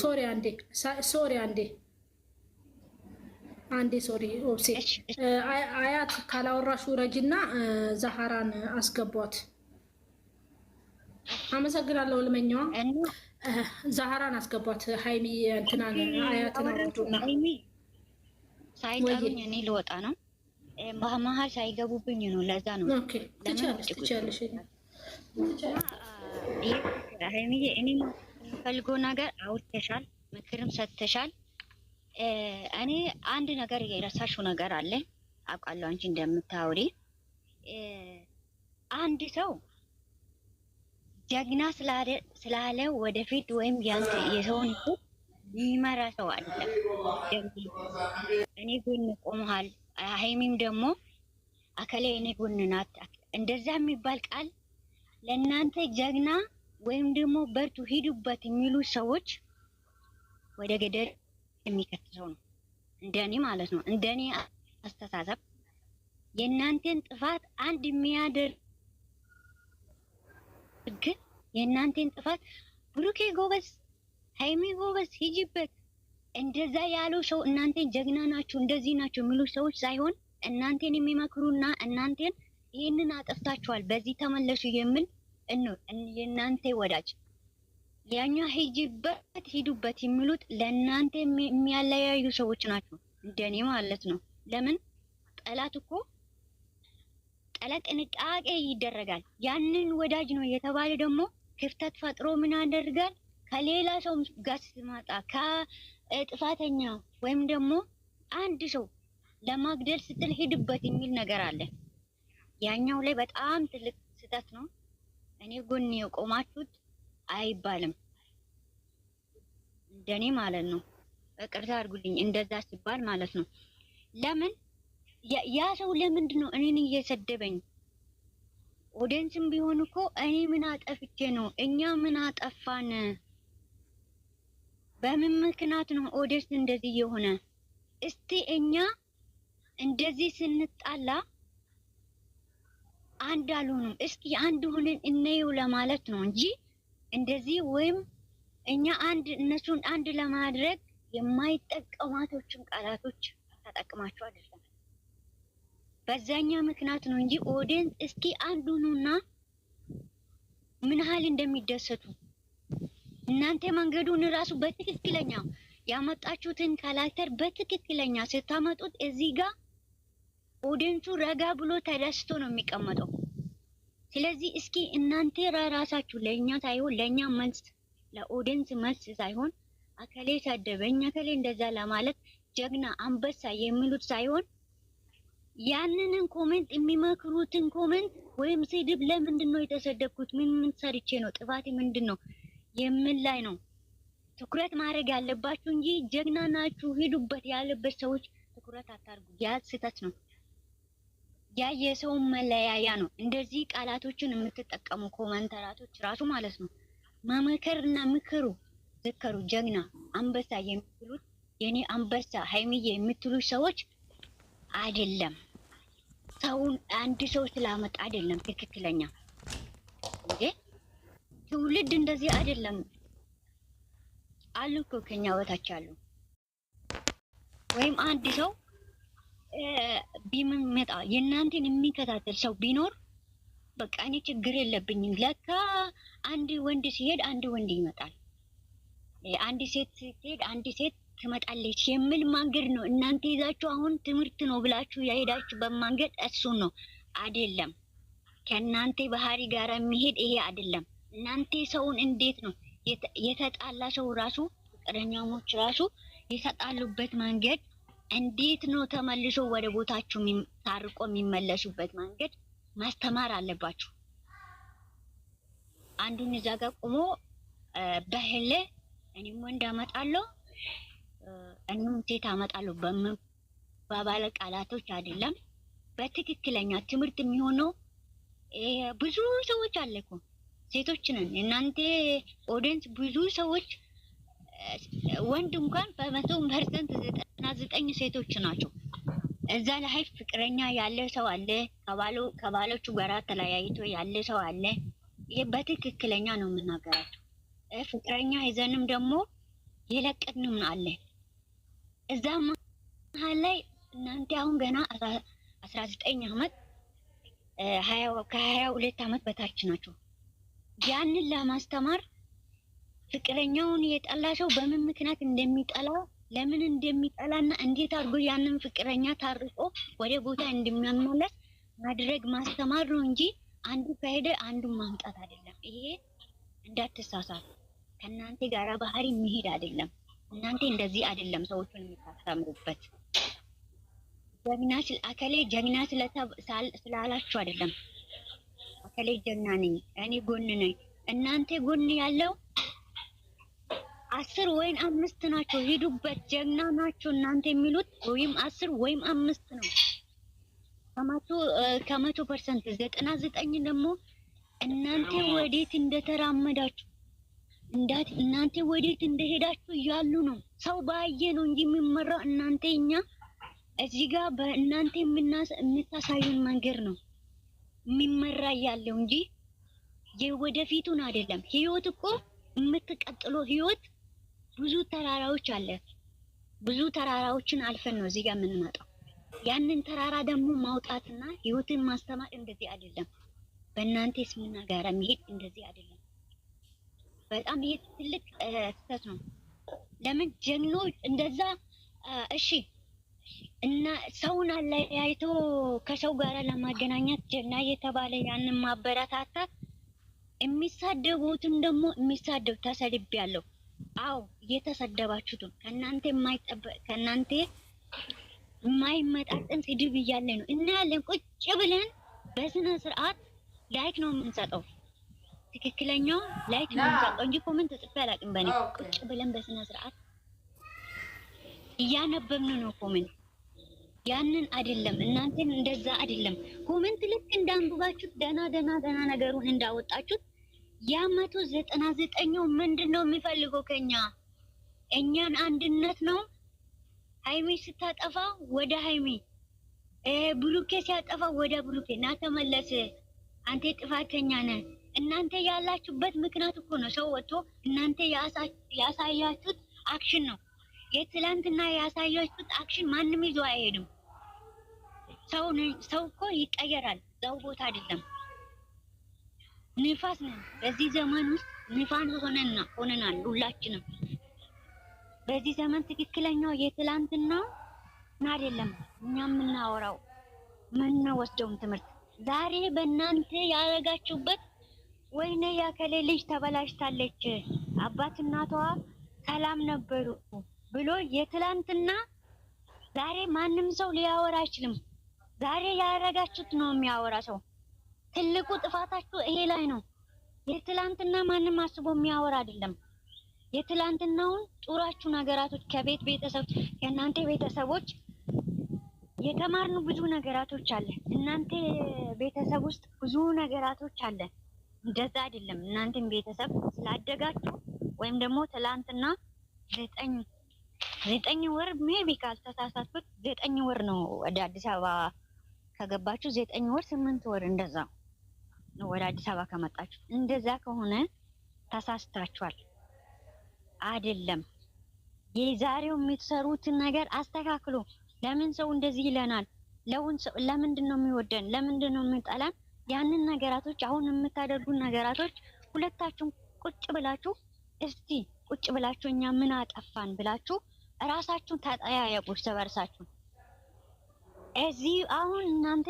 ሶሪ አንዴ ሶሪ አንዴ አንዴ ሶሪ ኦብሴ አያት ካላወራሹ ረጅና ዛሃራን አስገቧት። አመሰግናለሁ። ልመኛዋ ዛሃራን አስገቧት። ሀይሚ አያትን ሳይጠሩኝ እኔ ልወጣ ነው። መሀል ሳይገቡብኝ ነው። ለዛ ነው ትችያለሽ። እኔ የምፈልገው ነገር አውርተሻል፣ ምክርም ሰጥተሻል። እኔ አንድ ነገር የረሳሽው ነገር አለ አውቃለሁ። አንቺ እንደምታውሪ አንድ ሰው ጀግና ስላለ ወደፊት ወይም ያንተ የሰውን ይመራ ሰው አለ። እኔ ጎን ቆመሃል። ሀይሚም ደግሞ አከላይ እኔ ጎን ናት። እንደዛ የሚባል ቃል ለእናንተ ጀግና ወይም ደግሞ በርቱ ሂዱበት የሚሉ ሰዎች ወደ ገደል የሚከትሰው ነው። እንደኔ ማለት ነው፣ እንደኔ አስተሳሰብ የእናንተን ጥፋት አንድ የሚያደርግ የእናንተን ጥፋት ብሩኬ ጎበዝ፣ ሃይሚ ጎበዝ፣ ሂጂበት እንደዛ ያሉ ሰው እናንተን ጀግና ናችሁ እንደዚህ ናችሁ የሚሉ ሰዎች ሳይሆን እናንተን የሚመክሩና እናንተን ይህንን አጠፍታችኋል፣ በዚህ ተመለሱ የሚል የእናንተ ወዳጅ ያኛ ሂጅበት ሂዱበት የሚሉት ለእናንተ የሚያለያዩ ሰዎች ናቸው፣ እንደኔ ማለት ነው። ለምን ጠላት እኮ ጠላት ጥንቃቄ ይደረጋል። ያንን ወዳጅ ነው የተባለ ደግሞ ክፍተት ፈጥሮ ምን ያደርጋል? ከሌላ ሰው ጋር ስትመጣ ከጥፋተኛ ወይም ደግሞ አንድ ሰው ለማግደል ስትል ሂድበት የሚል ነገር አለ። ያኛው ላይ በጣም ትልቅ ስህተት ነው። እኔ ጎን የቆማችሁት አይባልም፣ እንደኔ ማለት ነው። በቅርታ አድርጉልኝ፣ እንደዛ ሲባል ማለት ነው። ለምን ያ ሰው ለምንድን ነው እኔን እየሰደበኝ? ኦዲየንስም ቢሆን እኮ እኔ ምን አጠፍቼ ነው? እኛ ምን አጠፋን? በምን ምክንያት ነው ኦዲየንስ እንደዚህ የሆነ? እስቲ እኛ እንደዚህ ስንጣላ አንድ አልሆኑም። እስኪ አንድ ሆነን እነየው ለማለት ነው እንጂ እንደዚህ ወይም እኛ አንድ እነሱን አንድ ለማድረግ የማይጠቀማቶችን ቃላቶች ተጠቅማቸው አይደለም። በዛኛ ምክንያት ነው እንጂ ኦዲየንስ እስኪ አንዱ ኑና ምን ያህል እንደሚደሰቱ እናንተ መንገዱን ራሱ በትክክለኛ ያመጣችሁትን ካላክተር በትክክለኛ ስታመጡት እዚህ ጋር ኦዲንሱ ረጋ ብሎ ተደስቶ ነው የሚቀመጠው። ስለዚህ እስኪ እናንተ ራሳችሁ ለእኛ ሳይሆን ለእኛ መልስ ለኦዲንስ መልስ ሳይሆን አከሌ ሰደበኝ አከሌ እንደዛ ለማለት ጀግና አንበሳ የሚሉት ሳይሆን ያንንን ኮሜንት የሚመክሩትን ኮሜንት ወይም ስድብ ለምንድን ነው የተሰደብኩት፣ ምን ምን ሰርቼ ነው፣ ጥፋቴ ምንድን ነው የምን ላይ ነው ትኩረት ማድረግ ያለባችሁ እንጂ ጀግና ናችሁ ሂዱበት ያለበት ሰዎች ትኩረት አታርጉ። ያ ስህተት ነው። ያ የሰውን መለያያ ነው። እንደዚህ ቃላቶችን የምትጠቀሙ ኮመንተራቶች ራሱ ማለት ነው መመከር እና ምክሩ ዘከሩ ጀግና አንበሳ የምትሉት የኔ አንበሳ ሀይሚዬ የምትሉ ሰዎች አይደለም። ሰውን አንድ ሰው ስላመጣ አይደለም ትክክለኛ ትውልድ እንደዚህ አይደለም። አሉ እኮ ከኛ በታች አሉ ወይም አንድ ሰው ቢመጣ የእናንተን የሚከታተል ሰው ቢኖር በቃ እኔ ችግር የለብኝም። ለካ አንድ ወንድ ሲሄድ አንድ ወንድ ይመጣል፣ አንድ ሴት ሲሄድ አንድ ሴት ትመጣለች የሚል መንገድ ነው እናንተ ይዛችሁ አሁን ትምህርት ነው ብላችሁ ያሄዳችሁ በመንገድ እሱን ነው አይደለም። ከእናንተ ባህሪ ጋር የሚሄድ ይሄ አይደለም። እናንተ ሰውን እንዴት ነው የተጣላ ሰው ራሱ ፍቅረኛሞች ራሱ የተጣሉበት መንገድ እንዴት ነው ተመልሶ ወደ ቦታችሁ ታርቆ የሚመለሱበት መንገድ ማስተማር አለባችሁ። አንዱን እዛ ጋር ቆሞ በህል እኔም ወንድ አመጣለሁ እኔም ሴት አመጣለሁ በባለ ቃላቶች አይደለም፣ በትክክለኛ ትምህርት የሚሆነው ብዙ ሰዎች አለ እኮ ሴቶች ነን እናንተ ኦዲየንስ ብዙ ሰዎች ወንድ እንኳን በመቶ ፐርሰንት ዘጠና ዘጠኝ ሴቶች ናቸው። እዛ ላይ ፍቅረኛ ያለ ሰው አለ፣ ከባሎቹ ጋር ተለያይቶ ያለ ሰው አለ። ይህ በትክክለኛ ነው የምናገራቸው። ፍቅረኛ ይዘንም ደግሞ የለቀንም አለ። እዛ መሀል ላይ እናንተ አሁን ገና አስራ ዘጠኝ አመት ከሀያ ሁለት አመት በታች ናቸው። ያንን ለማስተማር ፍቅረኛውን የጠላ ሰው በምን ምክንያት እንደሚጠላ ለምን እንደሚጠላና እንዴት አድርጎ ያንን ፍቅረኛ ታርቆ ወደ ቦታ እንደሚያመለስ ማድረግ ማስተማር ነው እንጂ አንዱ ከሄደ አንዱን ማምጣት አይደለም። ይሄ እንዳትሳሳት፣ ከእናንተ ጋራ ባህሪ የሚሄድ አይደለም። እናንተ እንደዚህ አይደለም ሰዎቹን የምታስተምሩበት። ጀግና አከሌ ጀግና ስላላችሁ አይደለም። አከሌ ጀግና ነኝ እኔ ጎን ነኝ እናንተ ጎን ያለው አስር ወይም አምስት ናቸው። ሂዱበት፣ ጀግና ናቸው እናንተ የሚሉት ወይም አስር ወይም አምስት ነው። ከመቶ ፐርሰንት ዘጠና ዘጠኝ ደግሞ እናንተ ወዴት እንደተራመዳችሁ እንዳት እናንተ ወዴት እንደሄዳችሁ እያሉ ነው። ሰው ባየ ነው እንጂ የሚመራው እናንተ እኛ እዚህ ጋር በእናንተ የምታሳዩን መንገድ ነው የሚመራ ያለው እንጂ የወደፊቱን አይደለም። ህይወት እኮ የምትቀጥለው ህይወት ብዙ ተራራዎች አለ። ብዙ ተራራዎችን አልፈን ነው እዚህ ጋር የምንመጣው። ያንን ተራራ ደግሞ ማውጣትና ህይወትን ማስተማር እንደዚህ አይደለም። በእናንተ ስምና ጋራ መሄድ እንደዚህ አይደለም። በጣም ይሄ ትልቅ ክስተት ነው። ለምን ጀግኖች እንደዛ እሺ እና ሰውን አለያይቶ ከሰው ጋር ለማገናኘት ጀግና የተባለ ያንን ማበረታታት የሚሳደቡትም ደግሞ የሚሳደብ ተሰልቤያለሁ አዎ ነው። ከእናንተ የማይጠበቅ ከእናንተ የማይመጣጠን ስድብ እያለ ነው እናያለን። ቁጭ ብለን በስነ ስርዓት ላይክ ነው የምንሰጠው፣ ትክክለኛው ላይክ ነው የምንሰጠው እንጂ ኮመንት ጽፌ አላውቅም። በእኔ ቁጭ ብለን በስነ ስርዓት እያነበብን ነው ኮመንት። ያንን አይደለም እናንተን እንደዛ አይደለም ኮመንት ልክ እንዳንብባችሁት ደና ደና ደና ነገሩን እንዳወጣችሁት ያ መቶ ዘጠና ዘጠኙ ምንድን ነው የሚፈልገው ከኛ? እኛን አንድነት ነው። ሀይሜ ስታጠፋ ወደ ሀይሜ ብሩኬ ሲያጠፋ ወደ ብሩኬ እና ተመለስ። አንተ ጥፋተኛ ነህ። እናንተ ያላችሁበት ምክንያት እኮ ነው። ሰው ወጥቶ እናንተ ያሳያችሁት አክሽን ነው። የትላንትና ያሳያችሁት አክሽን ማንም ይዞ አይሄድም። ሰው እኮ ይቀየራል። እዛው ቦታ አይደለም። ንፋስ ነን። በዚህ ዘመን ውስጥ ንፋስ ሆነና ሆነናል ሁላችንም። በዚህ ዘመን ትክክለኛው የትላንትና አይደለም። እኛ የምናወራው የምንወስደውም ትምህርት ዛሬ በእናንተ ያደረጋችሁበት ወይኔ ያከሌ ልጅ ተበላሽታለች፣ አባት እናቷ ሰላም ነበሩ ብሎ የትላንትና ዛሬ ማንም ሰው ሊያወራ አይችልም። ዛሬ ያደረጋችሁት ነው የሚያወራ ሰው ትልቁ ጥፋታችሁ ይሄ ላይ ነው። የትላንትና ማንም አስቦ የሚያወራ አይደለም። የትላንትናውን ጡራችሁ ነገራቶች ከቤት ቤተሰብ ከእናንተ ቤተሰቦች የተማርኑ ብዙ ነገራቶች አለ። እናንተ ቤተሰብ ውስጥ ብዙ ነገራቶች አለ። እንደዛ አይደለም። እናንተም ቤተሰብ ስላደጋችሁ ወይም ደግሞ ትላንትና ዘጠኝ ዘጠኝ ወር ሜቢ ካልተሳሳትኩት ዘጠኝ ወር ነው ወደ አዲስ አበባ ከገባችሁ ዘጠኝ ወር ስምንት ወር እንደዛ ወደ አዲስ አበባ ከመጣችሁ። እንደዛ ከሆነ ተሳስታችኋል። አይደለም የዛሬው የምትሰሩትን ነገር አስተካክሎ ለምን ሰው እንደዚህ ይለናል? ለምንድን ነው የሚወደን? ለምንድን ነው የሚጠላን? ያንን ነገራቶች አሁን የምታደርጉን ነገራቶች ሁለታችሁም ቁጭ ብላችሁ እስቲ ቁጭ ብላችሁ እኛ ምን አጠፋን ብላችሁ እራሳችሁን ተጠያየቁ፣ እርስ እዚህ አሁን እናንተ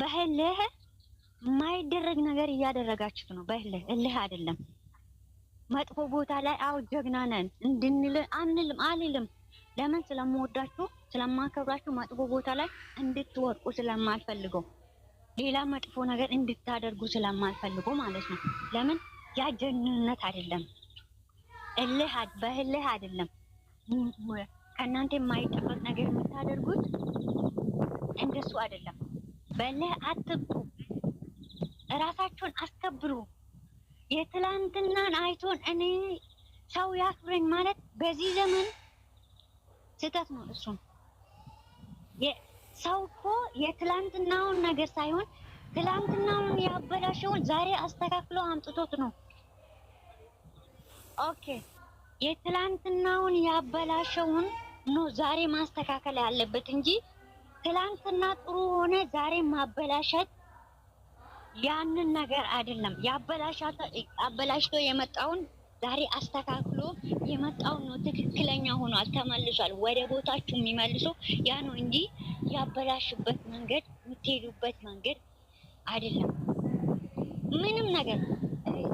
በህልህ የማይደረግ ነገር እያደረጋችሁ ነው። በእልህ እልህ አይደለም መጥፎ ቦታ ላይ አው ጀግና ነን እንድንል አንልም አልልም። ለምን ስለምወዳችሁ ስለማከብራችሁ መጥፎ ቦታ ላይ እንድትወርቁ ስለማልፈልገው ሌላ መጥፎ ነገር እንድታደርጉ ስለማልፈልገው ማለት ነው። ለምን ያ ጀግንነት አይደለም፣ እልህ በእልህ አይደለም። ከእናንተ የማይጠበቅ ነገር የምታደርጉት እንደሱ አይደለም። በእልህ አትብቁ። እራሳችሁን አስከብሩ። የትላንትናን አይቶን እኔ ሰው ያክብረኝ ማለት በዚህ ዘመን ስህተት ነው። እሱም ሰው እኮ የትላንትናውን ነገር ሳይሆን ትላንትናውን ያበላሸውን ዛሬ አስተካክሎ አምጥቶት ነው። ኦኬ የትላንትናውን ያበላሸውን ነው ዛሬ ማስተካከል ያለበት እንጂ ትላንትና ጥሩ ሆነ ዛሬ ማበላሸት ያንን ነገር አይደለም አበላሽቶ የመጣውን ዛሬ አስተካክሎ የመጣውን ነው ትክክለኛ ሆኗል፣ ተመልሷል። ወደ ቦታችሁ የሚመልሶ ያ ነው እንጂ ያበላሽበት መንገድ የምትሄዱበት መንገድ አይደለም። ምንም ነገር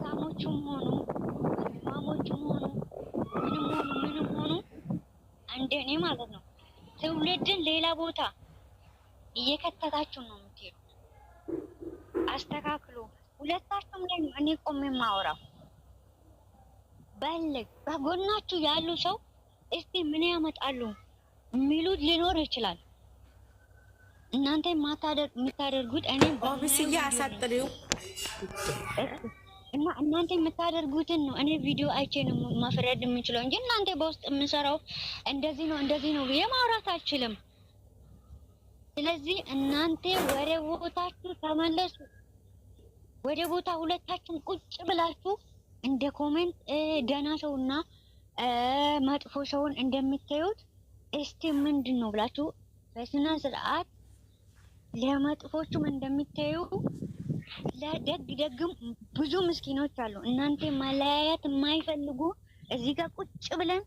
ሳሞቹም ሆኑ ማሞቹም ሆኑ ምንም ሆኑ ምንም ሆኑ እንደኔ ማለት ነው ትውልድን ሌላ ቦታ እየከተታችሁ ነው የምትሄዱ አስተካክሉ። ሁለታችሁም ላይ ነው እኔ ቆሜ የማወራው። በልግ በጎናችሁ ያሉ ሰው እስቲ ምን ያመጣሉ የሚሉት ሊኖር ይችላል። እናንተ የምታደርጉት እኔ ኦፊስዬ አሳጥሪው እና እናንተ የምታደርጉትን ነው እኔ ቪዲዮ አይቼ ነው መፍረድ የምችለው እንጂ እናንተ በውስጥ የምሰራው እንደዚህ ነው እንደዚህ ነው ብዬ ማውራት አልችልም። ስለዚህ እናንተ ወደ ቦታችሁ ተመለሱ። ወደ ቦታ ሁለታችን ቁጭ ብላችሁ እንደ ኮሜንት ደህና ሰውና መጥፎ ሰውን እንደምታዩት እስቲ ምንድን ነው ብላችሁ በስነ ስርዓት ለመጥፎቹም እንደምታዩ ለደግ ደግም ብዙ ምስኪኖች አሉ። እናንተ መለያየት የማይፈልጉ እዚህ ጋር ቁጭ ብለን